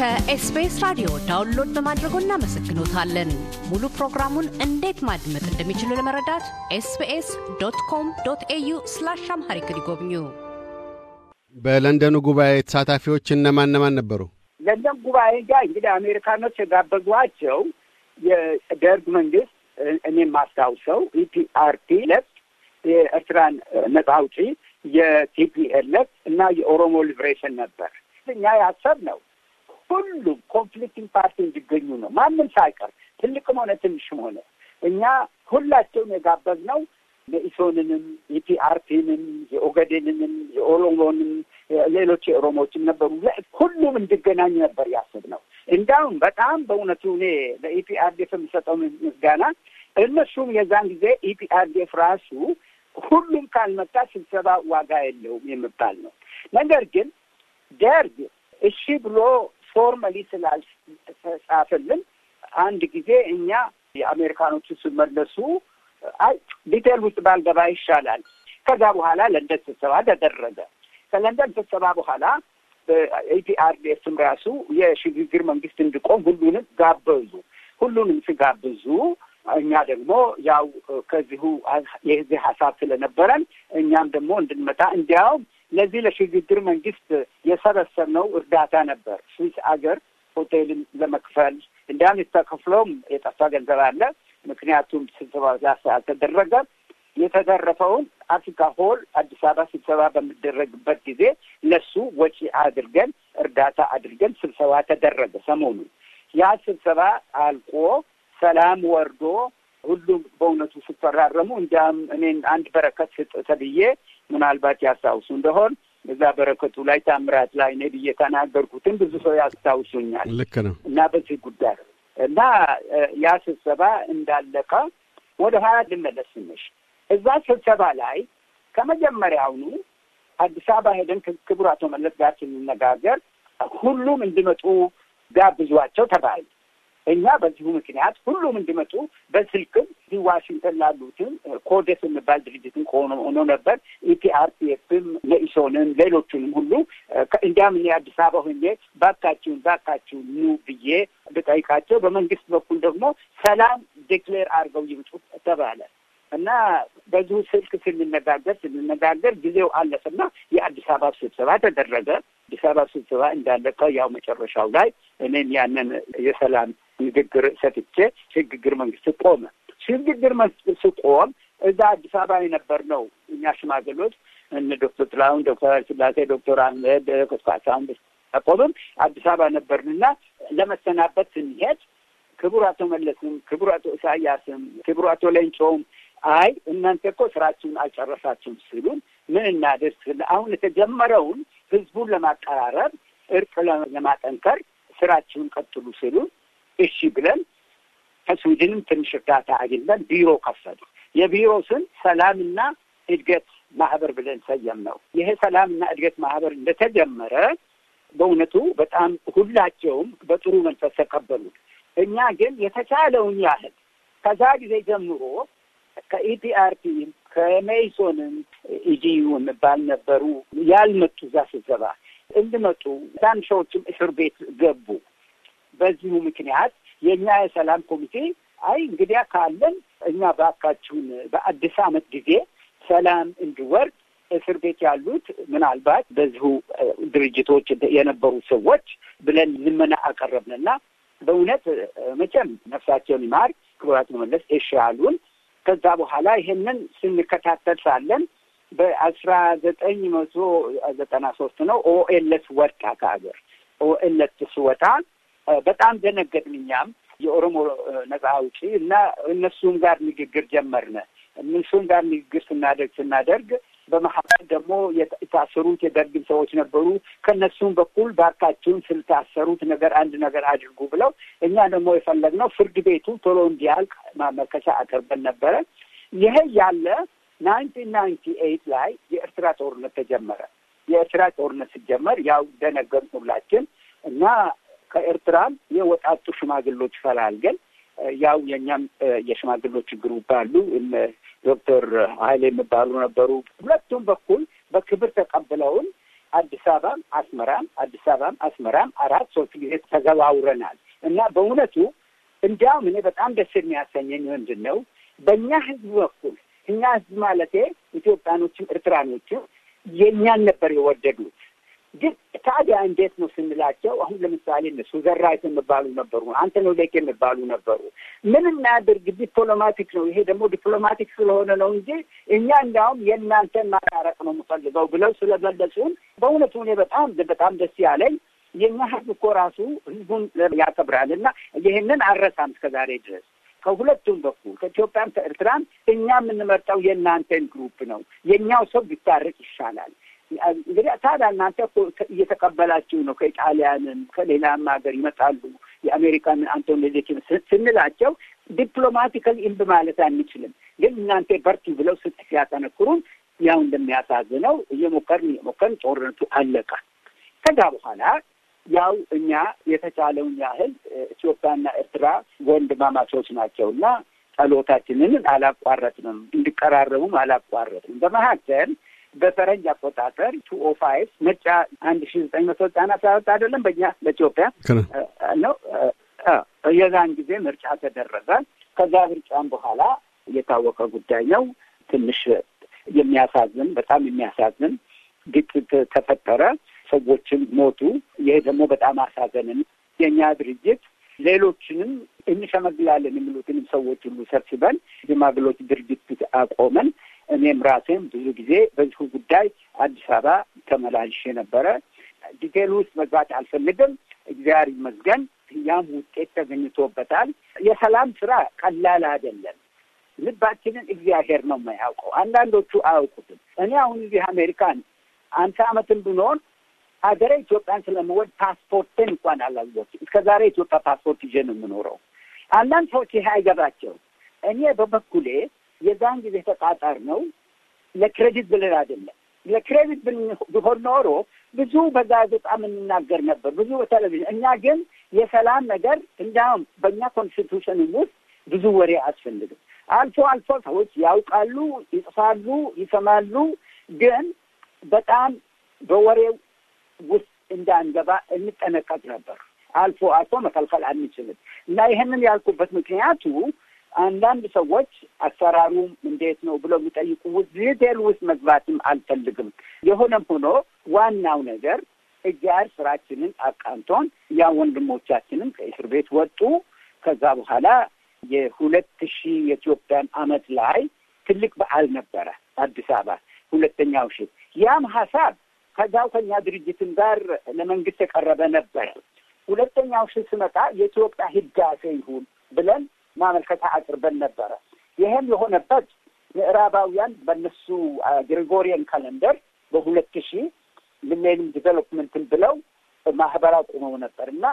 ከኤስቢኤስ ራዲዮ ዳውንሎድ በማድረጎ እናመሰግኖታለን። ሙሉ ፕሮግራሙን እንዴት ማድመጥ እንደሚችሉ ለመረዳት ኤስቢኤስ ዶት ኮም ዶት ኤዩ ስላሽ አምሃሪክ ይጎብኙ። በለንደኑ ጉባኤ ተሳታፊዎች እነማን ነማን ነበሩ? ለንደን ጉባኤ ጋር እንግዲህ አሜሪካኖች የጋበዟቸው የደርግ መንግስት እኔም ማስታውሰው ኢፒአርፒ ለፍ የኤርትራን ነጻ አውጪ የቲፒኤልኤፍ እና የኦሮሞ ሊብሬሽን ነበር። እኛ ያሰብ ነው ሁሉም ኮንፍሊክቲንግ ፓርቲ እንዲገኙ ነው። ማንም ሳይቀር ትልቅም ሆነ ትንሽም ሆነ እኛ ሁላቸውን የጋበዝ ነው የኢሶንንም የፒአርፒንም የኦገዴንንም የኦሮሞንም ሌሎች የኦሮሞዎችም ነበሩ። ሁሉም እንዲገናኙ ነበር ያስብ ነው። እንዲያውም በጣም በእውነቱ እኔ ለኢፒአርዴፍ የምሰጠው ምስጋና እነሱም የዛን ጊዜ ኢፒአርዴፍ ራሱ ሁሉም ካልመጣ ስብሰባ ዋጋ የለውም የሚባል ነው። ነገር ግን ደርግ እሺ ብሎ ፎርማሊ ስላልተጻፈልን አንድ ጊዜ እኛ የአሜሪካኖቹ ስመለሱ አይ ዲቴል ውስጥ ባልገባ ይሻላል። ከዛ በኋላ ለንደን ስብሰባ ተደረገ። ከለንደን ስብሰባ በኋላ በኢፒአርዲኤፍም ራሱ የሽግግር መንግስት እንዲቆም ሁሉንም ጋበዙ። ሁሉንም ሲጋብዙ እኛ ደግሞ ያው ከዚሁ የዚህ ሀሳብ ስለነበረን እኛም ደግሞ እንድንመጣ እንዲያውም ለዚህ ለሽግግር መንግስት የሰበሰብነው እርዳታ ነበር። ስዊስ አገር ሆቴልን ለመክፈል እንዲያውም የተከፍለውም የጠፋ ገንዘብ አለ። ምክንያቱም ስብሰባ ዛ ሰዓት ተደረገ። አፍሪካ ሆል አዲስ አበባ ስብሰባ በሚደረግበት ጊዜ ለሱ ወጪ አድርገን እርዳታ አድርገን ስብሰባ ተደረገ። ሰሞኑን ያ ስብሰባ አልቆ ሰላም ወርዶ ሁሉም በእውነቱ ሲፈራረሙ እንዲያም እኔን አንድ በረከት ስጥ ተብዬ ምናልባት ያስታውሱ እንደሆን እዛ በረከቱ ላይ ታምራት ላይ እኔ ብዬ ተናገርኩትን ብዙ ሰው ያስታውሱኛል። ልክ ነው እና በዚህ ጉዳይ እና ያ ስብሰባ እንዳለቀ ወደ ኋላ ልመለስ ትንሽ። እዛ ስብሰባ ላይ ከመጀመሪያውኑ አዲስ አበባ ሄደን ክቡር አቶ መለስ ጋር ስንነጋገር ሁሉም እንዲመጡ ጋብዟቸው ተባለ። እኛ በዚሁ ምክንያት ሁሉም እንዲመጡ በስልክም እዚህ ዋሽንግተን ላሉትም ኮደስ የሚባል ድርጅትም ሆኖ ነበር ኢፒአርፒኤፍም መኢሶንም ሌሎቹንም ሁሉ እንዲያም እኔ አዲስ አበባ ሆኜ ባካችሁን ባካችሁን ኑ ብዬ ብጠይቃቸው በመንግስት በኩል ደግሞ ሰላም ዴክሌር አድርገው ይምጡ ተባለ። እና በዚሁ ስልክ ስንነጋገር ስንነጋገር ጊዜው አለፈና የአዲስ አበባ ስብሰባ ተደረገ። አዲስ አበባ ስብሰባ እንዳለቀ ያው መጨረሻው ላይ እኔም ያንን የሰላም ንግግር ሰጥቼ ሽግግር መንግስት ቆመ። ሽግግር መንግስት ስቆም እዛ አዲስ አበባ የነበር ነው እኛ ሽማግሎች እነ ዶክተር ጥላሁን፣ ዶክተር ኃይለሥላሴ፣ ዶክተር አህመድ ኮስፋሳሁን ቆምም አዲስ አበባ ነበርንና ለመሰናበት ስንሄድ ክቡር አቶ መለስም፣ ክቡር አቶ ኢሳያስም፣ ክቡር አቶ ሌንጮም አይ እናንተ እኮ ስራችሁን አልጨረሳችሁም ሲሉን ምን እናድርስ? አሁን የተጀመረውን ህዝቡን ለማቀራረብ እርቅ ለማጠንከር ስራችሁን ቀጥሉ ሲሉን እሺ ብለን ከስዊድንም ትንሽ እርዳታ አግኝተን ቢሮ ከፈቱ። የቢሮ ስም ሰላምና እድገት ማህበር ብለን ነው። ይሄ ሰላምና እድገት ማህበር እንደተጀመረ በእውነቱ በጣም ሁላቸውም በጥሩ መንፈስ ተቀበሉት። እኛ ግን የተቻለውን ያህል ከዛ ጊዜ ጀምሮ ከኢፒአርፒ ከሜይሶንም ኢዲዩ የሚባል ነበሩ ያልመጡ እዛ ስብሰባ እንድመጡ አንዳንድ ሰዎችም እስር ቤት ገቡ። በዚሁ ምክንያት የእኛ የሰላም ኮሚቴ አይ እንግዲያ ካለን እኛ በአካችሁን በአዲስ አመት ጊዜ ሰላም እንዲወርድ እስር ቤት ያሉት ምናልባት በዚሁ ድርጅቶች የነበሩ ሰዎች ብለን ልመና አቀረብንና በእውነት መቼም ነፍሳቸውን ይማር ክቡራት መመለስ እሺ ከዛ በኋላ ይሄንን ስንከታተል ሳለን በአስራ ዘጠኝ መቶ ዘጠና ሶስት ነው ኦኤልስ ወጣ ከሀገር። ኦኤልስ ስወጣ በጣም ደነገጥን እኛም የኦሮሞ ነጻ አውጪ እና እነሱም ጋር ንግግር ጀመርነ። እነሱም ጋር ንግግር ስናደርግ ስናደርግ በመሀል ደግሞ የታሰሩት የደርግም ሰዎች ነበሩ። ከነሱም በኩል ባካችሁን ስልታሰሩት ነገር አንድ ነገር አድርጉ ብለው እኛ ደግሞ የፈለግነው ፍርድ ቤቱ ቶሎ እንዲያልቅ ማመልከቻ አቅርበን ነበረ። ይሄ ያለ ናይንቲን ናይንቲ ኤይት ላይ የኤርትራ ጦርነት ተጀመረ። የኤርትራ ጦርነት ሲጀመር ያው ደነገን ሁላችን እና ከኤርትራም የወጣቱ ሽማግሎች ፈላልገን ያው የእኛም የሽማግሎች ግሩፕ አሉ ዶክተር ሀይሌ የሚባሉ ነበሩ። ሁለቱም በኩል በክብር ተቀብለውን አዲስ አበባም አስመራም አዲስ አበባም አስመራም አራት ሶስት ጊዜ ተዘዋውረናል እና በእውነቱ እንዲያውም እኔ በጣም ደስ የሚያሰኘኝ ምንድን ነው በእኛ ህዝብ በኩል እኛ ህዝብ ማለቴ ኢትዮጵያኖችም ኤርትራኖችም የእኛን ነበር የወደዱት ግን ታዲያ እንዴት ነው ስንላቸው፣ አሁን ለምሳሌ እነሱ ዘራይት የሚባሉ ነበሩ፣ አንተነህ ሌክ የሚባሉ ነበሩ። ምን ያድርግ ዲፕሎማቲክ ነው። ይሄ ደግሞ ዲፕሎማቲክ ስለሆነ ነው እንጂ እኛ እንዲያውም የእናንተን ማራረቅ ነው የምፈልገው ብለው ስለመለሱን በእውነቱ እኔ በጣም በጣም ደስ ያለኝ የእኛ ህዝብ እኮ ራሱ ህዝቡን ያከብራል እና ይህንን አረሳም እስከዛሬ ድረስ ከሁለቱም በኩል ከኢትዮጵያም ከኤርትራም እኛ የምንመርጠው የእናንተን ግሩፕ ነው። የእኛው ሰው ቢታረቅ ይሻላል። እንግዲህ ታዲያ እናንተ እኮ እየተቀበላችሁ ነው ከኢጣሊያንም ከሌላም ሀገር ይመጣሉ የአሜሪካን አንቶኒ ሌኪን ስንላቸው ዲፕሎማቲካል እምቢ ማለት አንችልም፣ ግን እናንተ በርቱ ብለው ስጥ ሲያጠነክሩን ያው እንደሚያሳዝነው እየሞከርን እየሞከርን ጦርነቱ አለቀ። ከዛ በኋላ ያው እኛ የተቻለውን ያህል ኢትዮጵያና ኤርትራ ወንድማማቾች ናቸው እና ጸሎታችንን አላቋረጥንም፣ እንዲቀራረቡም አላቋረጥንም። በመካከል በፈረንጅ አቆጣጠር ቱ ኦ ፋይቭ ምርጫ አንድ ሺ ዘጠኝ መቶ ዘጠና ሰባት አይደለም በእኛ በኢትዮጵያ ነው። የዛን ጊዜ ምርጫ ተደረገ። ከዛ ምርጫም በኋላ የታወቀ ጉዳይ ነው። ትንሽ የሚያሳዝን በጣም የሚያሳዝን ግጭት ተፈጠረ። ሰዎችን ሞቱ። ይሄ ደግሞ በጣም አሳዘንን። የእኛ ድርጅት ሌሎችንም እንሸመግላለን የሚሉትንም ሰዎች ሁሉ ሰብስበን ሽማግሎች ድርጅት አቆመን። እኔም ራሴም ብዙ ጊዜ በዚሁ ጉዳይ አዲስ አበባ ተመላልሼ ነበረ። ዲቴል ውስጥ መግባት አልፈልግም። እግዚአብሔር ይመስገን ያም ውጤት ተገኝቶበታል። የሰላም ስራ ቀላል አይደለም። ልባችንን እግዚአብሔር ነው የሚያውቀው አንዳንዶቹ አያውቁትም። እኔ አሁን እዚህ አሜሪካን አምሳ ዓመትን ብኖር ሀገረ ኢትዮጵያን ስለምወድ ፓስፖርትን እንኳን አላወቅ እስከ ዛሬ ኢትዮጵያ ፓስፖርት ይዤ ነው የምኖረው። አንዳንድ ሰዎች ይሄ አይገባቸው። እኔ በበኩሌ የዛን ጊዜ ተጣጣር ነው። ለክሬዲት ብለን አይደለም። ለክሬዲት ቢሆን ኖሮ ብዙ በጋዜጣ የምንናገር ነበር፣ ብዙ በቴሌቪዥን። እኛ ግን የሰላም ነገር እንዲያውም በእኛ ኮንስቲቱሽንም ውስጥ ብዙ ወሬ አያስፈልግም። አልፎ አልፎ ሰዎች ያውቃሉ፣ ይጽፋሉ፣ ይሰማሉ። ግን በጣም በወሬው ውስጥ እንዳንገባ እንጠነቀቅ ነበር። አልፎ አልፎ መከልከል አንችልም እና ይህንን ያልኩበት ምክንያቱ አንዳንድ ሰዎች አሰራሩ እንዴት ነው ብሎ የሚጠይቁ ዲቴል ውስጥ መግባትም አልፈልግም። የሆነም ሆኖ ዋናው ነገር እግዚአብሔር ስራችንን አቃንቶን ያ ወንድሞቻችንም ከእስር ቤት ወጡ። ከዛ በኋላ የሁለት ሺህ የኢትዮጵያን አመት ላይ ትልቅ በዓል ነበረ አዲስ አበባ ሁለተኛው ሺህ ያም ሀሳብ ከዛው ከኛ ድርጅትም ጋር ለመንግስት የቀረበ ነበረ። ሁለተኛው ሺህ ስመጣ የኢትዮጵያ ህዳሴ ይሁን ብለን ማመልከቻ አቅርበን ነበረ። ይህም የሆነበት ምዕራባውያን በእነሱ ግሪጎሪየን ካለንደር በሁለት ሺ ሚሌኒየም ዲቨሎፕመንትን ብለው ማህበራ አቁመው ነበር እና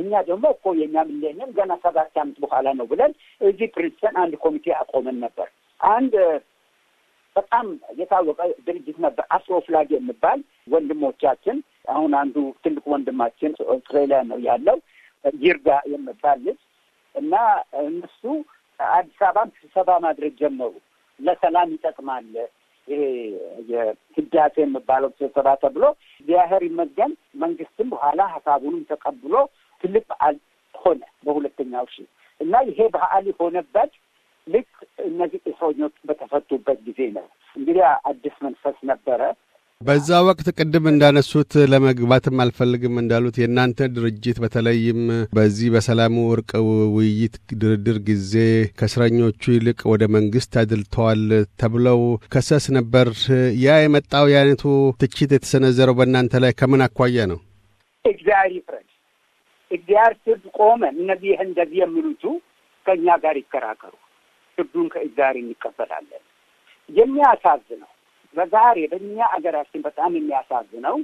እኛ ደግሞ እኮ የእኛ ሚሌኒየም ገና ሰባት ዓመት በኋላ ነው ብለን እዚህ ፕሪንስተን አንድ ኮሚቴ አቆመን ነበር። አንድ በጣም የታወቀ ድርጅት ነበር አፍሮ ፍላግ የሚባል ወንድሞቻችን አሁን አንዱ ትልቅ ወንድማችን ኦስትሬሊያ ነው ያለው ይርጋ የሚባል ልጅ እና እነሱ አዲስ አበባም ስብሰባ ማድረግ ጀመሩ። ለሰላም ይጠቅማል ይሄ የህዳሴ የሚባለው ስብሰባ ተብሎ ቢያህር ይመገን መንግስትም በኋላ ሀሳቡንም ተቀብሎ ትልቅ በዓል ሆነ በሁለተኛው ሺ እና ይሄ በዓል የሆነበት ልክ እነዚህ ቄሶኞች በተፈቱበት ጊዜ ነው። እንግዲህ አዲስ መንፈስ ነበረ። በዛ ወቅት ቅድም እንዳነሱት ለመግባትም አልፈልግም እንዳሉት የእናንተ ድርጅት በተለይም በዚህ በሰላሙ እርቅ ውይይት ድርድር ጊዜ ከእስረኞቹ ይልቅ ወደ መንግስት አድልተዋል ተብለው ከሰስ ነበር። ያ የመጣው የአይነቱ ትችት የተሰነዘረው በእናንተ ላይ ከምን አኳያ ነው? እግዚአብሔር ይፍረድ፣ እግዚአብሔር ፍርድ ቆመ። እነዚህ እንደዚህ የሚሉቱ ከእኛ ጋር ይከራከሩ፣ ፍርዱን ከእግዚአብሔር እንቀበላለን። የሚያሳዝነው በዛሬ በእኛ አገራችን በጣም የሚያሳዝነው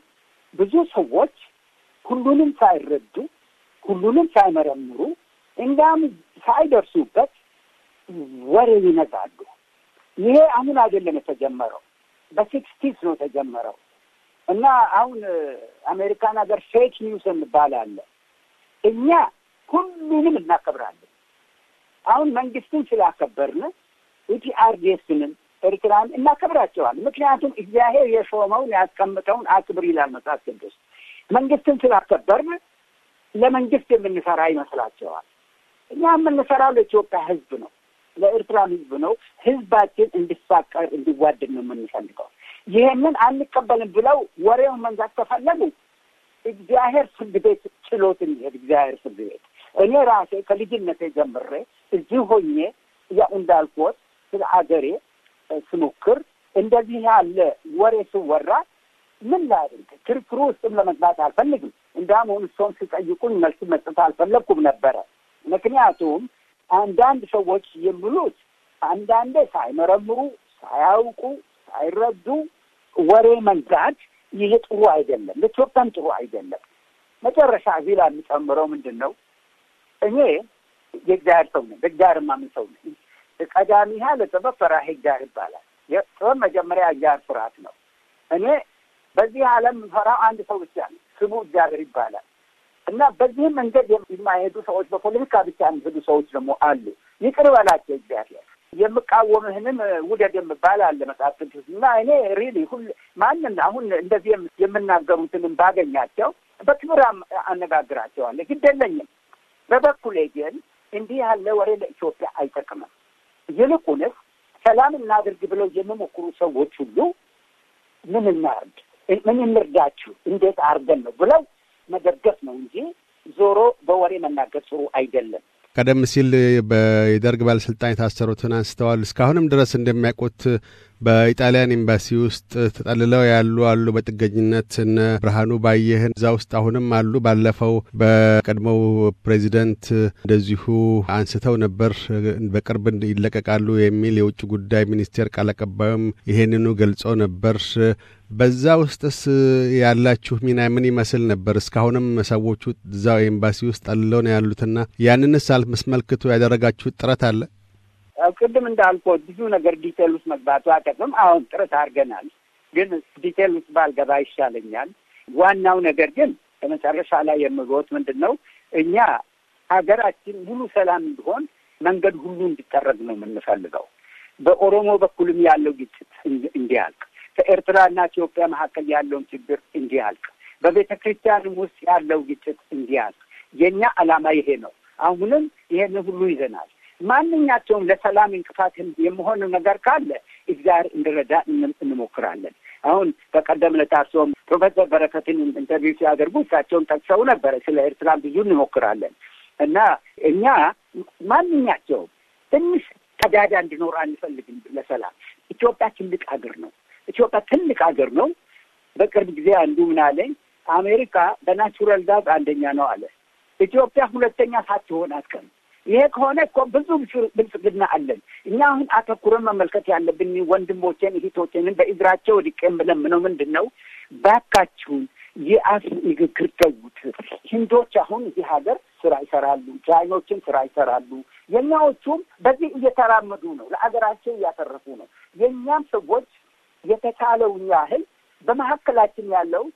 ብዙ ሰዎች ሁሉንም ሳይረዱ ሁሉንም ሳይመረምሩ እንዲያም ሳይደርሱበት ወሬ ይነዛሉ። ይሄ አሁን አይደለም የተጀመረው፣ በሲክስቲስ ነው የተጀመረው እና አሁን አሜሪካን ሀገር ፌክ ኒውስ የሚባል አለ። እኛ ሁሉንም እናከብራለን። አሁን መንግስትን ስላከበርን ኢፒአርዲኤስንም ኤርትራን እናከብራቸዋል። ምክንያቱም እግዚአብሔር የሾመውን ያስቀምጠውን አክብር ይላል መጽሐፍ ቅዱስ። መንግስትን ስላከበርን ለመንግስት የምንሰራ ይመስላቸዋል። እኛ የምንሰራው ለኢትዮጵያ ህዝብ ነው፣ ለኤርትራን ህዝብ ነው። ህዝባችን እንዲፋቀር እንዲዋድን ነው የምንፈልገው። ይህንን አንቀበልም ብለው ወሬውን መንዛት ከፈለጉ እግዚአብሔር ፍርድ ቤት ችሎት እንዲሄድ እግዚአብሔር ፍርድ ቤት እኔ ራሴ ከልጅነቴ ጀምሬ እዚህ ሆኜ ያው እንዳልኩት ስለ አገሬ ስሙክር እንደዚህ ያለ ወሬ ስወራ ምን ላድርግ? ክርክሩ ውስጥም ለመግባት አልፈልግም። እንዳም ሆኑ እሶም ሲጠይቁኝ መልስ መስጠት አልፈለግኩም ነበረ። ምክንያቱም አንዳንድ ሰዎች የሚሉት አንዳንዴ ሳይመረምሩ፣ ሳያውቁ፣ ሳይረዱ ወሬ መንጋት ይሄ ጥሩ አይደለም፣ ለኢትዮጵያም ጥሩ አይደለም። መጨረሻ እዚህ ላይ የምጨምረው ምንድን ነው? እኔ የእግዚአብሔር ሰው ነኝ፣ በእግዚአብሔር የማምን ሰው ነኝ። ቀዳሚሃ ለጥበብ ፈራሂጋር ይባላል። የጥበብ መጀመሪያ እግዚአብሔር ፍርሃት ነው። እኔ በዚህ ዓለም ፈራው አንድ ሰው ብቻ ነው፣ ስሙ እግዚአብሔር ይባላል። እና በዚህ መንገድ የማይሄዱ ሰዎች በፖለቲካ ብቻ የሚሄዱ ሰዎች ደግሞ አሉ። ይቅር በላቸው እግዚአብሔር። የምቃወምህንም ውደድ የምባል አለ መጽሐፍ ቅዱስ እና እኔ ሪሊ ሁል ማንን አሁን እንደዚህ የምናገሩትንም ባገኛቸው በክብር አነጋግራቸዋለሁ። ግድ የለኝም። በበኩሌ ግን እንዲህ ያለ ወሬ ለኢትዮጵያ አይጠቅምም። ይልቁንስ ሰላም እናድርግ ብለው የሚሞክሩ ሰዎች ሁሉ ምን እናርግ፣ ምን እንርዳችሁ፣ እንዴት አርገን ነው ብለው መደገፍ ነው እንጂ ዞሮ በወሬ መናገር ጥሩ አይደለም። ቀደም ሲል የደርግ ባለስልጣን የታሰሩትን አንስተዋል። እስካሁንም ድረስ እንደሚያውቁት በኢጣሊያን ኤምባሲ ውስጥ ተጠልለው ያሉ አሉ። በጥገኝነት እነ ብርሃኑ ባየህን እዛ ውስጥ አሁንም አሉ። ባለፈው በቀድሞው ፕሬዚደንት እንደዚሁ አንስተው ነበር በቅርብ ይለቀቃሉ የሚል የውጭ ጉዳይ ሚኒስቴር ቃል አቀባዩም ይሄንኑ ገልጾ ነበር። በዛ ውስጥስ ያላችሁ ሚና ምን ይመስል ነበር? እስካሁንም ሰዎቹ እዛው ኤምባሲ ውስጥ ጠልለው ነው ያሉትና ያንንስ አልመስመልክቶ ያደረጋችሁት ጥረት አለ? ቅድም እንዳልኩት ብዙ ነገር ዲቴል ውስጥ መግባቱ አይጠቅም። አሁን ጥረት አድርገናል፣ ግን ዲቴል ውስጥ ባልገባ ይሻለኛል። ዋናው ነገር ግን በመጨረሻ ላይ የምልዎት ምንድን ነው እኛ ሀገራችን ሙሉ ሰላም እንዲሆን መንገድ ሁሉ እንዲጠረግ ነው የምንፈልገው። በኦሮሞ በኩልም ያለው ግጭት እንዲያልቅ፣ በኤርትራና ኢትዮጵያ መካከል ያለውን ችግር እንዲያልቅ፣ በቤተ ክርስቲያንም ውስጥ ያለው ግጭት እንዲያልቅ የእኛ ዓላማ ይሄ ነው። አሁንም ይሄን ሁሉ ይዘናል። ማንኛቸውም ለሰላም እንቅፋት የመሆኑ ነገር ካለ እግዚአብሔር እንድረዳ እንሞክራለን። አሁን በቀደም ለታርሶም ፕሮፌሰር በረከትን ኢንተርቪው ሲያደርጉ እሳቸውን ጠቅሰው ነበረ። ስለ ኤርትራን ብዙ እንሞክራለን እና እኛ ማንኛቸውም ትንሽ ቀዳዳ እንዲኖር አንፈልግም ለሰላም። ኢትዮጵያ ትልቅ ሀገር ነው። ኢትዮጵያ ትልቅ ሀገር ነው። በቅርብ ጊዜ አንዱ ምን አለኝ፣ አሜሪካ በናቹራል ጋዝ አንደኛ ነው አለ። ኢትዮጵያ ሁለተኛ ሳትሆን አትቀም። ይሄ ከሆነ እኮ ብዙ ብልጽግና አለን። እኛ አሁን አተኩረን መመልከት ያለብን ወንድሞቼን እህቶቼንን በእግራቸው ወድቄ የምለምነው ምንድን ነው? ባካችሁን የአፍ ንግግር ተዉት። ህንዶች አሁን እዚህ ሀገር ስራ ይሰራሉ፣ ቻይኖችም ስራ ይሰራሉ። የኛዎቹም በዚህ እየተራመዱ ነው፣ ለአገራቸው እያተረፉ ነው። የእኛም ሰዎች የተቻለውን ያህል በመካከላችን ያለው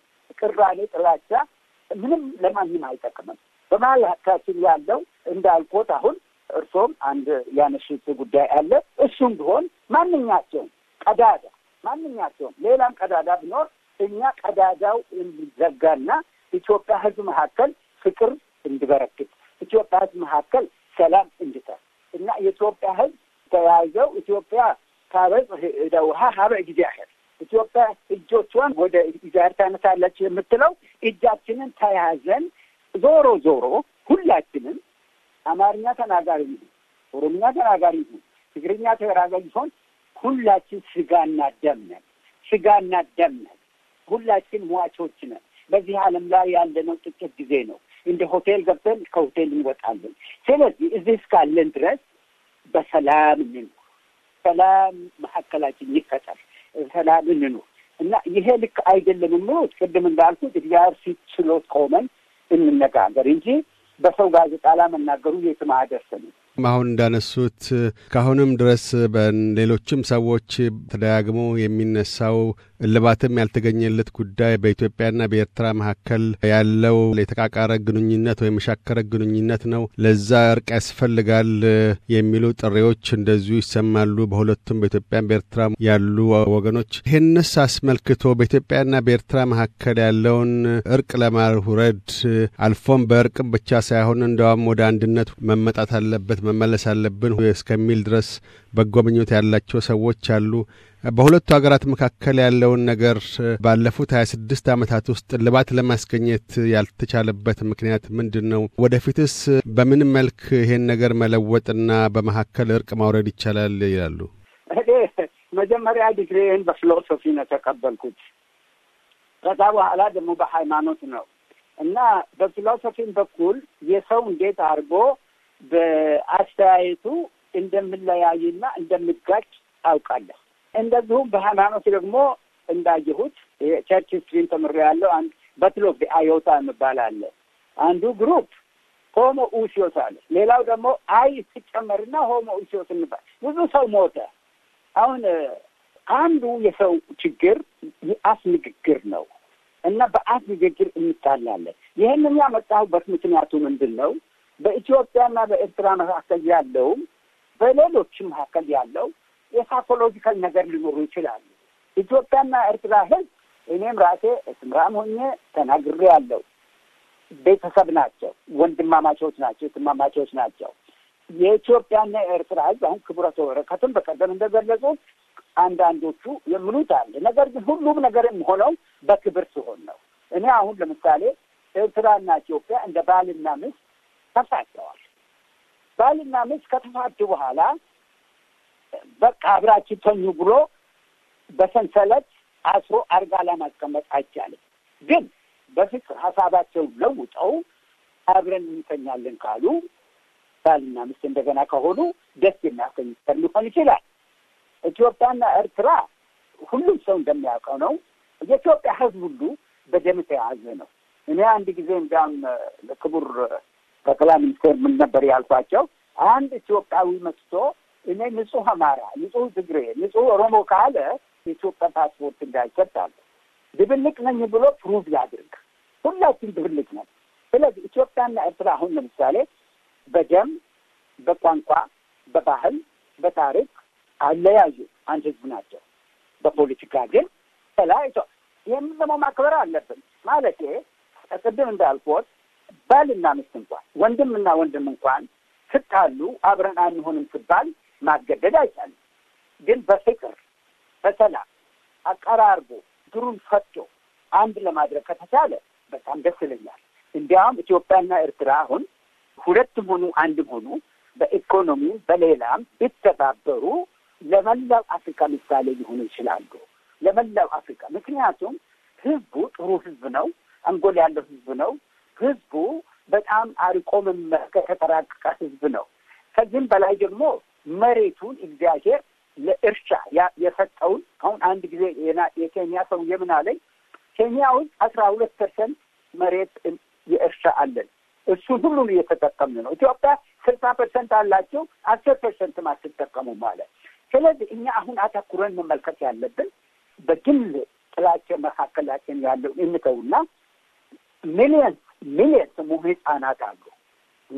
ቅራኔ፣ ጥላቻ ምንም ለማንም አይጠቅምም። በመሀል ሀካችን ያለው እንዳልኮት አሁን እርሶም አንድ ያነሱት ጉዳይ አለ። እሱም ቢሆን ማንኛቸውም ቀዳዳ ማንኛቸውም ሌላም ቀዳዳ ቢኖር እኛ ቀዳዳው እንዲዘጋና ኢትዮጵያ ሕዝብ መካከል ፍቅር እንዲበረክት ኢትዮጵያ ሕዝብ መካከል ሰላም እንድታ እና የኢትዮጵያ ሕዝብ ተያይዘው ኢትዮጵያ ታበጽ እደውሃ ሀበ እግዚአብሔር ኢትዮጵያ እጆቿን ወደ እግዚአብሔር ታነሳለች የምትለው እጃችንን ተያዘን ዞሮ ዞሮ ሁላችንም አማርኛ ተናጋሪ ይሁን፣ ኦሮምኛ ተናጋሪ ይሁን፣ ትግርኛ ተናጋሪ ይሆን፣ ሁላችን ስጋ ደም ነን። ስጋና ደም ነን። ሁላችን ሟቾች ነን። በዚህ ዓለም ላይ ያለነው ጥቂት ጊዜ ነው። እንደ ሆቴል ገብተን ከሆቴል እንወጣለን። ስለዚህ እዚህ እስካለን ድረስ በሰላም እንኑር። ሰላም መካከላችን ይፈጠር። ሰላም እንኑር እና ይሄ ልክ አይደለም የምሉት ቅድም እንዳልኩት እግዚአብሔር ፊት ችሎት ቆመን እንነጋገር እንጂ በሰው ጋዜጣ ላይ መናገሩ የትም አያደርስንም። አሁን እንዳነሱት ከአሁንም ድረስ በሌሎችም ሰዎች ተደጋግሞ የሚነሳው እልባትም ያልተገኘለት ጉዳይ በኢትዮጵያና በኤርትራ መካከል ያለው የተቃቃረ ግንኙነት ወይም የሻከረ ግንኙነት ነው፣ ለዛ እርቅ ያስፈልጋል የሚሉ ጥሪዎች እንደዚሁ ይሰማሉ። በሁለቱም በኢትዮጵያ በኤርትራ ያሉ ወገኖች ይህንስ አስመልክቶ በኢትዮጵያና በኤርትራ መካከል ያለውን እርቅ ለማውረድ አልፎም በእርቅም ብቻ ሳይሆን እንደውም ወደ አንድነት መመጣት አለበት መመለስ አለብን እስከሚል ድረስ በጎ ምኞት ያላቸው ሰዎች አሉ። በሁለቱ ሀገራት መካከል ያለውን ነገር ባለፉት ስድስት ዓመታት ውስጥ ልባት ለማስገኘት ያልተቻለበት ምክንያት ምንድን ነው? ወደፊትስ በምን መልክ ይሄን ነገር መለወጥና በመካከል እርቅ ማውረድ ይቻላል ይላሉ? እኔ መጀመሪያ ዲግሪን በፊሎሶፊ ነው ተቀበልኩት። ከዛ በኋላ ደግሞ በሃይማኖት ነው እና በፊሎሶፊን በኩል የሰው እንዴት አድርጎ በአስተያየቱ እንደምለያይና እንደምጋጭ አውቃለሁ። እንደዚሁም በሃይማኖት ደግሞ እንዳየሁት የቸርች ስትሪን ተምሬ ያለው አንድ በትል አዮታ የምባል አለ። አንዱ ግሩፕ ሆሞ ኡሲዮስ አለ። ሌላው ደግሞ አይ ሲጨመርና ሆሞ ኡሲዮስ እንባል። ብዙ ሰው ሞተ። አሁን አንዱ የሰው ችግር የአፍ ንግግር ነው እና በአፍ ንግግር እንጣላለን። ይህንን ያመጣሁበት ምክንያቱ ምንድን ነው? በኢትዮጵያና በኤርትራ መካከል ያለውም በሌሎች መካከል ያለው የሳይኮሎጂካል ነገር ሊኖሩ ይችላሉ። ኢትዮጵያና ኤርትራ ህዝብ እኔም ራሴ ስምራም ሆኜ ተናግሬ ያለው ቤተሰብ ናቸው፣ ወንድማማቾች ናቸው፣ እህትማማቾች ናቸው። የኢትዮጵያና የኤርትራ ህዝብ አሁን ክቡረቶ ወረከትም በቀደም እንደገለጹት አንዳንዶቹ የምሉት አለ። ነገር ግን ሁሉም ነገር የሚሆነው በክብር ሲሆን ነው። እኔ አሁን ለምሳሌ ኤርትራና ኢትዮጵያ እንደ ባልና ሚስት ተፋተዋል። ባልና ሚስት ከተፋቱ በኋላ በቃ አብራችሁ ተኙ ብሎ በሰንሰለት አስሮ አርጋ ለማስቀመጥ አይቻልም። ግን በፍቅር ሀሳባቸው ለውጠው አብረን እንተኛለን ካሉ ባልና ሚስት እንደገና ከሆኑ ደስ የሚያሰኝ ሊሆን ይችላል። ኢትዮጵያና ኤርትራ ሁሉም ሰው እንደሚያውቀው ነው። የኢትዮጵያ ሕዝብ ሁሉ በደም የተያዘ ነው። እኔ አንድ ጊዜ እንዲያውም ለክቡር ጠቅላይ ሚኒስቴር ምን ነበር ያልኳቸው አንድ ኢትዮጵያዊ መስቶ እኔ ንጹህ አማራ፣ ንጹህ ትግሬ፣ ንጹህ ኦሮሞ ካለ የኢትዮጵያ ፓስፖርት እንዳይሰጣል። ድብልቅ ነኝ ብሎ ፕሩቭ ያድርግ። ሁላችን ድብልቅ ነን። ስለዚህ ኢትዮጵያና ኤርትራ አሁን ለምሳሌ በደም በቋንቋ፣ በባህል፣ በታሪክ አለያዩ አንድ ህዝብ ናቸው። በፖለቲካ ግን ተለያይቶ ይህም ደግሞ ማክበር አለብን ማለት ቅድም እንዳልኩት ባልና ሚስት እንኳን ወንድምና ወንድም እንኳን ስታሉ አብረን አንሆንም ስባል ማገደድ አይቻልም። ግን በፍቅር በሰላም አቀራርቦ ድሩን ፈቶ አንድ ለማድረግ ከተቻለ በጣም ደስ ይለኛል። እንዲያውም ኢትዮጵያና ኤርትራ አሁን ሁለትም ሆኑ አንድም ሆኑ በኢኮኖሚ በሌላም ቢተባበሩ ለመላው አፍሪካ ምሳሌ ሊሆኑ ይችላሉ። ለመላው አፍሪካ ምክንያቱም ህዝቡ ጥሩ ህዝብ ነው። አንጎል ያለው ህዝብ ነው። ህዝቡ በጣም አርቆ መመልከት የተራቀቀ ህዝብ ነው። ከዚህም በላይ ደግሞ መሬቱን እግዚአብሔር ለእርሻ የሰጠውን አሁን አንድ ጊዜ የኬንያ ሰው የምን አለኝ፣ ኬንያ ውስጥ አስራ ሁለት ፐርሰንት መሬት የእርሻ አለን። እሱን ሁሉን እየተጠቀምን ነው። ኢትዮጵያ ስልሳ ፐርሰንት አላቸው፣ አስር ፐርሰንትም አትጠቀሙም ማለት። ስለዚህ እኛ አሁን አተኩረን መመልከት ያለብን በግል ጥላቸው መካከላችን ያለው እንተውና ሚሊየንስ ምን የስሙ ህጻናት አሉ።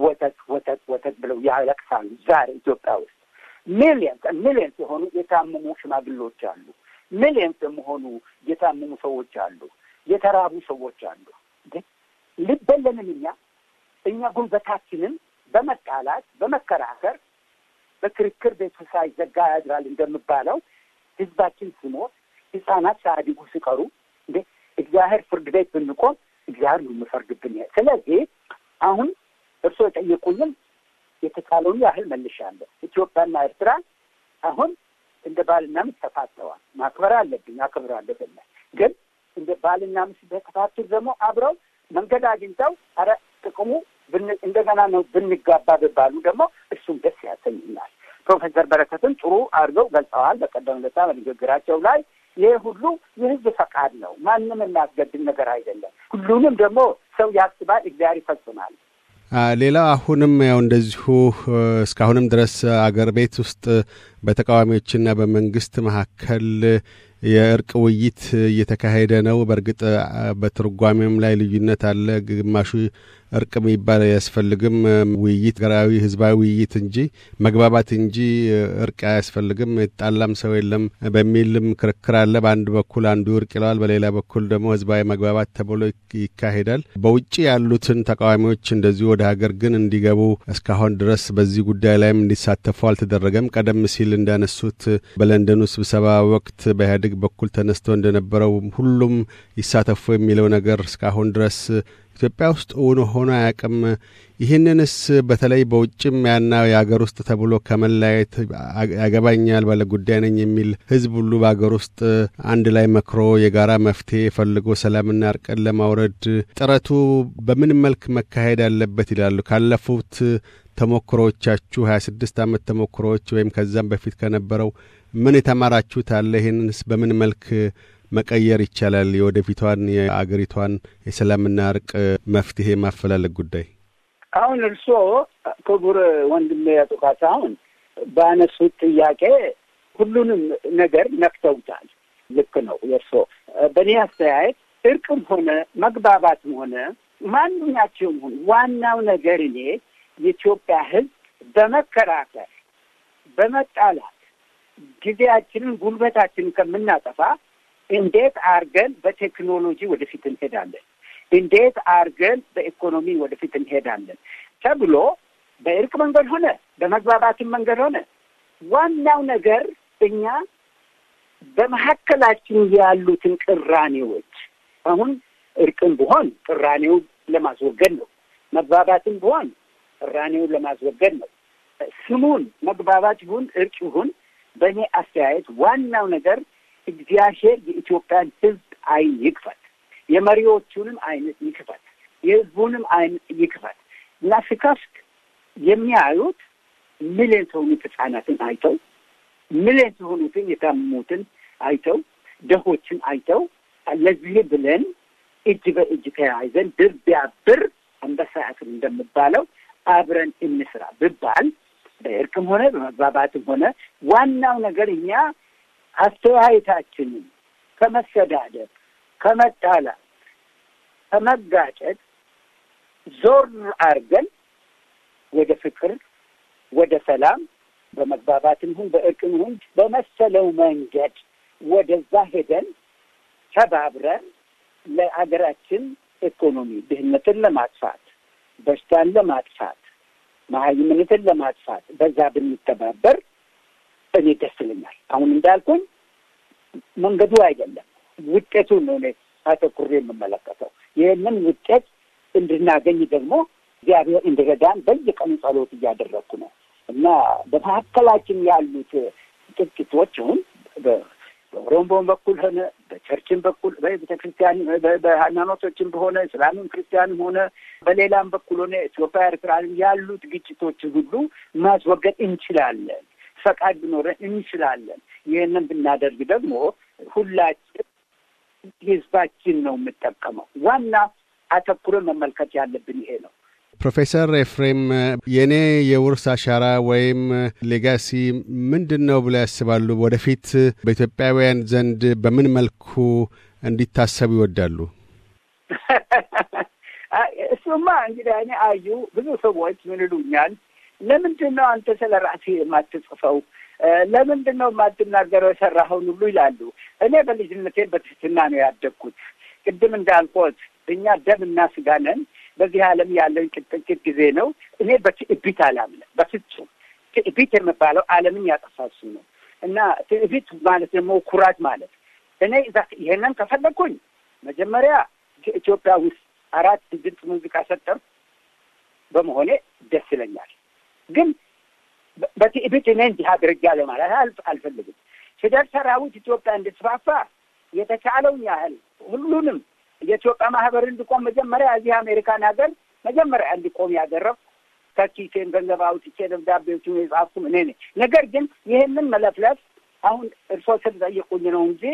ወተት ወተት ወተት ብለው ያለቅሳሉ። ዛሬ ኢትዮጵያ ውስጥ ሚሊየንስ ሚሊየንስ የሆኑ የታመሙ ሽማግሌዎች አሉ። ሚሊየንስ የመሆኑ የታመሙ ሰዎች አሉ። የተራቡ ሰዎች አሉ። ልበለንም እኛ እኛ ጉልበታችንን በመጣላት በመከራከር በክርክር ቤቱ ሳይዘጋ ያድራል እንደሚባለው ህዝባችን ሲሞት ህጻናት ሳያድጉ ሲቀሩ እንዴ እግዚአብሔር ፍርድ ቤት ብንቆም እግዚአብሔር ነው የምፈርድብን። ስለዚህ አሁን እርስዎ የጠየቁኝም የተቻለውን ያህል መልሻለሁ። ኢትዮጵያና ኤርትራ አሁን እንደ ባልና ሚስት ተፋተዋል። ማክበር አለብኝ፣ አክብራለሁ። ግን እንደ ባልና ሚስት በተፋቱ ደግሞ አብረው መንገድ አግኝተው አረ ጥቅሙ እንደገና ነው ብንጋባ ብባሉ ደግሞ እሱም ደስ ያሰኝናል። ፕሮፌሰር በረከትም ጥሩ አድርገው ገልጸዋል። በቀደም ለታ በንግግራቸው ላይ ይሄ ሁሉ የህዝብ ፈቃድ ነው። ማንም የሚያስገድም ነገር አይደለም። ሁሉንም ደግሞ ሰው ያስባል፣ እግዚአብሔር ይፈጽማል። ሌላ አሁንም ያው እንደዚሁ እስካሁንም ድረስ አገር ቤት ውስጥ በተቃዋሚዎችና በመንግስት መካከል የእርቅ ውይይት እየተካሄደ ነው። በእርግጥ በትርጓሜም ላይ ልዩነት አለ። ግማሹ እርቅ የሚባል አያስፈልግም። ውይይት ገራዊ ህዝባዊ ውይይት እንጂ መግባባት እንጂ እርቅ አያስፈልግም። የጣላም ሰው የለም በሚልም ክርክር አለ። በአንድ በኩል አንዱ እርቅ ይለዋል፣ በሌላ በኩል ደግሞ ህዝባዊ መግባባት ተብሎ ይካሄዳል። በውጭ ያሉትን ተቃዋሚዎች እንደዚሁ ወደ ሀገር ግን እንዲገቡ እስካሁን ድረስ በዚህ ጉዳይ ላይም እንዲሳተፉ አልተደረገም። ቀደም ሲል እንዳነሱት በለንደኑ ስብሰባ ወቅት በኢህአዴግ በኩል ተነስቶ እንደነበረው ሁሉም ይሳተፉ የሚለው ነገር እስካሁን ድረስ ኢትዮጵያ ውስጥ እውን ሆኖ አያቅም። ይህንንስ በተለይ በውጭም ያና የአገር ውስጥ ተብሎ ከመለያየት ያገባኛል ባለ ጉዳይ ነኝ የሚል ህዝብ ሁሉ በአገር ውስጥ አንድ ላይ መክሮ የጋራ መፍትሄ ፈልጎ ሰላምና እርቅን ለማውረድ ጥረቱ በምን መልክ መካሄድ አለበት ይላሉ ካለፉት ተሞክሮዎቻችሁ 26 ዓመት ተሞክሮዎች ወይም ከዛም በፊት ከነበረው ምን የተማራችሁት አለ? ይህንንስ በምን መልክ መቀየር ይቻላል? የወደፊቷን የአገሪቷን የሰላምና እርቅ መፍትሄ ማፈላለግ ጉዳይ አሁን እርስዎ ክቡር ወንድሜ አቶ ካሳሁን ባነሱት ጥያቄ ሁሉንም ነገር ነክተውታል። ልክ ነው የእርስዎ። በእኔ አስተያየት እርቅም ሆነ መግባባትም ሆነ ማንኛቸውም ሆኑ ዋናው ነገር እኔ የኢትዮጵያ ሕዝብ በመከራከር በመጣላት ጊዜያችንን ጉልበታችንን ከምናጠፋ እንዴት አርገን በቴክኖሎጂ ወደፊት እንሄዳለን፣ እንዴት አርገን በኢኮኖሚ ወደፊት እንሄዳለን ተብሎ በእርቅ መንገድ ሆነ በመግባባትም መንገድ ሆነ ዋናው ነገር እኛ በመካከላችን ያሉትን ቅራኔዎች አሁን እርቅን ቢሆን ቅራኔው ለማስወገድ ነው። መግባባትም ቢሆን ቅራኔው ለማስወገድ ነው። ስሙን መግባባት ይሁን እርቅ ይሁን በእኔ አስተያየት ዋናው ነገር እግዚአብሔር የኢትዮጵያን ሕዝብ አይን ይክፈት፣ የመሪዎቹንም አይነት ይክፈት፣ የሕዝቡንም አይን ይክፈት እና ስከፍት የሚያዩት ሚሊዮን የሆኑት ህጻናትን አይተው፣ ሚሊዮን የሆኑትን የታመሙትን አይተው፣ ደሆችን አይተው ለዚህ ብለን እጅ በእጅ ተያይዘን ብር ቢያብር አንበሳ ያስር እንደሚባለው አብረን እንስራ ብባል በእርቅም ሆነ በመግባባትም ሆነ ዋናው ነገር እኛ አስተያየታችንን ከመሰዳደብ፣ ከመጣላት፣ ከመጋጨት ዞር አርገን ወደ ፍቅር፣ ወደ ሰላም በመግባባትም ሁን በእርቅም ሁን በመሰለው መንገድ ወደዛ ሄደን ተባብረን ለሀገራችን ኢኮኖሚ ድህነትን ለማጥፋት በሽታን ለማጥፋት መሀይምነትን ለማጥፋት በዛ ብንተባበር እኔ ደስ ይለኛል። አሁን እንዳልኩኝ መንገዱ አይደለም ውጤቱ ነው እኔ አተኩሬ የምመለከተው። ይህንን ውጤት እንድናገኝ ደግሞ እግዚአብሔር እንድረዳን በየቀኑ ጸሎት እያደረግኩ ነው እና በመካከላችን ያሉት ጥቂቶች ሁን በኦሮሞን በኩል ሆነ በቸርችን በኩል በቤተክርስቲያን በሃይማኖቶችን በሆነ እስላምም ክርስቲያንም ሆነ በሌላም በኩል ሆነ ኢትዮጵያ ኤርትራንም ያሉት ግጭቶች ሁሉ ማስወገድ እንችላለን። ፈቃድ ቢኖረን እንችላለን። ይህንን ብናደርግ ደግሞ ሁላችን ህዝባችን ነው የምጠቀመው። ዋና አተኩረን መመልከት ያለብን ይሄ ነው። ፕሮፌሰር ኤፍሬም የእኔ የውርስ አሻራ ወይም ሌጋሲ ምንድን ነው ብለው ያስባሉ? ወደፊት በኢትዮጵያውያን ዘንድ በምን መልኩ እንዲታሰቡ ይወዳሉ? እሱማ እንግዲህ እኔ አዩ ብዙ ሰዎች ምን ይሉኛል ለምንድን ነው አንተ ስለ ራሴ የማትጽፈው? ለምንድን ነው የማትናገረው? የሰራኸውን ሁሉ ይላሉ። እኔ በልጅነቴ በትህትና ነው ያደግኩት። ቅድም እንዳልኩት እኛ ደም እና ስጋ ነን። በዚህ ዓለም ያለን ጥቂት ጊዜ ነው። እኔ በትዕቢት አላምንም በፍጹም። ትዕቢት የሚባለው ዓለምን ያጠፋሱ ነው እና ትዕቢት ማለት ደግሞ ኩራት ማለት እኔ እዛ ይሄንን ከፈለግኩኝ መጀመሪያ ኢትዮጵያ ውስጥ አራት ድምፅ ሙዚቃ ሰጠር በመሆኔ ደስ ይለኛል። ግን በትዕቢት እኔ እንዲህ አድርጌያለሁ ማለት አልፈልግም። ስደት ሰራዊት ኢትዮጵያ እንድስፋፋ የተቻለውን ያህል ሁሉንም የኢትዮጵያ ማህበር እንዲቆም መጀመሪያ እዚህ አሜሪካን ሀገር መጀመሪያ እንዲቆም ያደረግኩ ከኪሴን ገንዘብ አውጥቼ ደብዳቤዎቹን የጻፍኩም እኔ ነኝ። ነገር ግን ይህንን መለፍለፍ አሁን እርስዎ ስለጠየቁኝ ነው እንጂ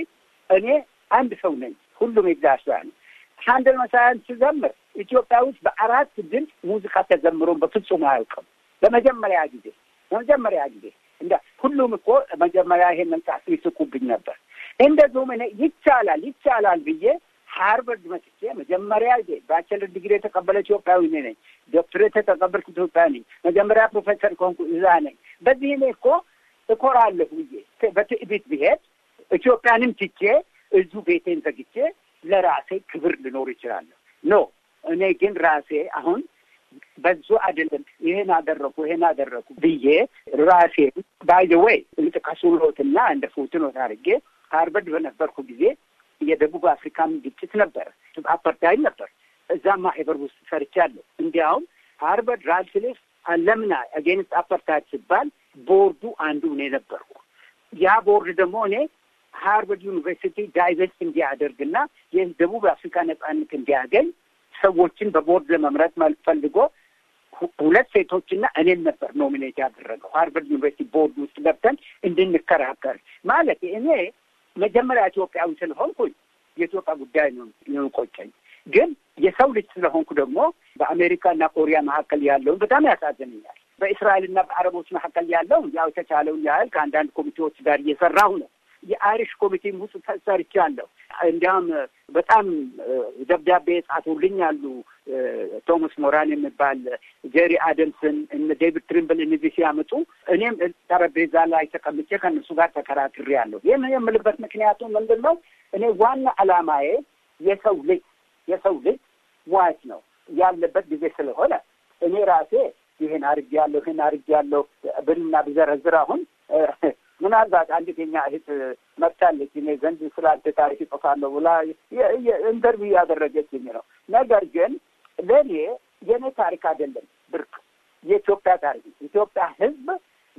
እኔ አንድ ሰው ነኝ። ሁሉም የእግዚአብሔር ነው። ሀንድል መሳያን ስዘምር ኢትዮጵያ ውስጥ በአራት ድምፅ ሙዚቃ ተዘምሮን በፍጹም አያውቅም። ለመጀመሪያ ጊዜ ለመጀመሪያ ጊዜ እንደ ሁሉም እኮ መጀመሪያ ይሄንን ቃል ይስቁብኝ ነበር። እንደዚሁም እኔ ይቻላል ይቻላል ብዬ ሃርቨርድ መጥቼ መጀመሪያ ጊዜ ባቸለር ዲግሪ የተቀበለ ኢትዮጵያዊ እኔ ነኝ። ዶክትሬት የተቀበልኩ ኢትዮጵያ ነኝ። መጀመሪያ ፕሮፌሰር ከሆንኩ እዛ ነኝ። በዚህ እኔ እኮ እኮራለሁ ብዬ በትዕቢት ብሄድ ኢትዮጵያንም ትቼ እዙ ቤቴን ዘግቼ ለራሴ ክብር ልኖር ይችላለሁ። ኖ እኔ ግን ራሴ አሁን በዙ አይደለም ይሄን አደረኩ ይሄን አደረኩ ብዬ ራሴ ባይ ዘ ወይ ከሱሎትና እንደ ፉትኖት አድርጌ ሀርበርድ በነበርኩ ጊዜ የደቡብ አፍሪካም ግጭት ነበር፣ አፓርታይድ ነበር። እዛ ማህበር ውስጥ ሰርቻለሁ። እንዲያውም ሀርበርድ ራድክሊፍ አለምና አጌንስት አፓርታይድ ሲባል ቦርዱ አንዱ እኔ ነበርኩ። ያ ቦርድ ደግሞ እኔ ሃርቨርድ ዩኒቨርሲቲ ዳይቨስት እንዲያደርግና ይህ ደቡብ አፍሪካ ነጻነት እንዲያገኝ ሰዎችን በቦርድ ለመምራት ፈልጎ ሁለት ሴቶችና እኔም ነበር ኖሚኔት ያደረገው ሃርቨርድ ዩኒቨርሲቲ ቦርድ ውስጥ ገብተን እንድንከራከር ማለት እኔ መጀመሪያ ኢትዮጵያዊ ስለሆንኩኝ የኢትዮጵያ ጉዳይ ነው የሚቆጨኝ ግን የሰው ልጅ ስለሆንኩ ደግሞ በአሜሪካና ኮሪያ መካከል ያለውን በጣም ያሳዝነኛል። በእስራኤልና በአረቦች መካከል ያለውን ያው የተቻለውን ያህል ከአንዳንድ ኮሚቴዎች ጋር እየሰራሁ ነው። የአይሪሽ ኮሚቴም ውስጥ ሰርቻለሁ። እንዲያውም በጣም ደብዳቤ ጻፉልኝ አሉ። ቶማስ ሞራን የሚባል ጄሪ አደምስን፣ እነ ዴቪድ ትሪምብል እነዚህ ሲያመጡ እኔም ጠረጴዛ ላይ ተቀምጬ ከእነሱ ጋር ተከራክሬ ያለሁ። ይህም የምልበት ምክንያቱ ምንድን ነው? እኔ ዋና አላማዬ የሰው ልጅ የሰው ልጅ ዋት ነው ያለበት ጊዜ ስለሆነ እኔ ራሴ ይህን አድርጌያለሁ ይህን አድርጌያለሁ ብንና ብዘረዝር አሁን ምናልባት አንዲት የኛ እህት መጥታለች እኔ ዘንድ ስላንተ ታሪክ ይጽፋለሁ ብላ ኢንተርቪው ያደረገችኝ ነው። ነገር ግን ለእኔ የእኔ ታሪክ አይደለም ብርቅ የኢትዮጵያ ታሪክ ኢትዮጵያ ሕዝብ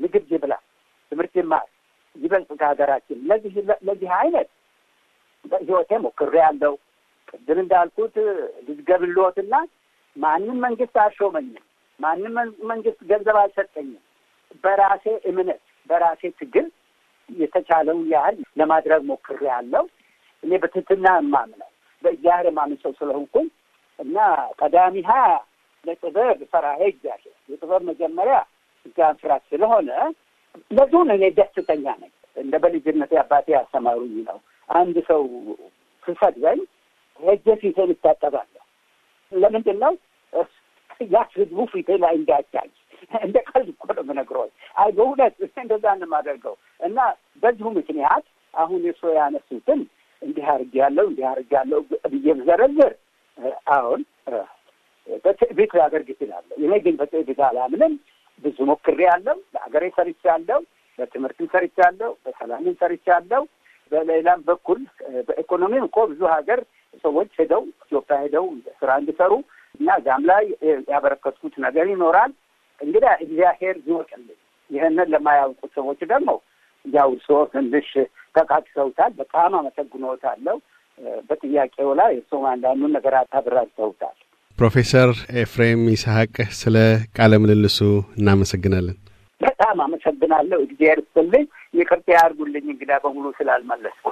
ምግብ ይብላ፣ ትምህርት ይማር፣ ይበልጽ ከሀገራችን ለዚህ ለዚህ አይነት ህይወቴ ሞክሬ ያለው ቅድም እንዳልኩት ልዝገብሎትና ማንም መንግስት አልሾመኝም። ማንም መንግስት ገንዘብ አልሰጠኝም። በራሴ እምነት በራሴ ትግል የተቻለው ያህል ለማድረግ ሞክሬ ያለው እኔ በትትና የማምነው በእግዚአብሔር የማምን ሰው ስለሆንኩኝ እና ቀዳሚሃ ለጥበብ ፈራሄ እግዚአብሔር የጥበብ መጀመሪያ እግዚአብሔር ፍራት ስለሆነ ለዙን እኔ ደስተኛ ነኝ። እንደ በልጅነት አባቴ ያስተማሩኝ ነው። አንድ ሰው ስሰድበኝ ሄጀ ፊቴን እታጠባለሁ። ለምንድን ነው? ያ ህዝቡ ፊቴ ላይ እንዳያጫጅ እንደ ቀልድ እኮ ነው የምነግሮት። አይ በእውነት እንደዛ እንማደርገው እና በዚሁ ምክንያት አሁን እርሶ ያነሱትን እንዲህ አድርጌያለሁ እንዲህ አድርጌያለሁ ብዬ ብዘረዝር አሁን በትዕቢት ላደርግ እችላለሁ። እኔ ግን በትዕቢት አላምንም። ብዙ ሞክሬያለሁ። ለአገሬ ሰርቻለሁ፣ በትምህርትም ሰርቻለሁ፣ በሰላምም ሰርቻለሁ። በሌላም በኩል በኢኮኖሚም እኮ ብዙ ሀገር ሰዎች ሄደው ኢትዮጵያ ሄደው ስራ እንዲሰሩ እና እዛም ላይ ያበረከትኩት ነገር ይኖራል። እንግዲህ እግዚአብሔር ይወቅልኝ። ይህንን ለማያውቁት ሰዎች ደግሞ ያው እርስዎ ትንሽ ተቃቅሰውታል። በጣም አመሰግኖታለሁ። በጥያቄው ላይ እርስዎም አንዳንዱን ነገር አታብራርተውታል። ፕሮፌሰር ኤፍሬም ይስሐቅ ስለ ቃለ ምልልሱ እናመሰግናለን። በጣም አመሰግናለሁ። እግዚአብሔር ይስጥልኝ። ይቅርታ ያድርጉልኝ እንግዳ በሙሉ ስላልመለስኩ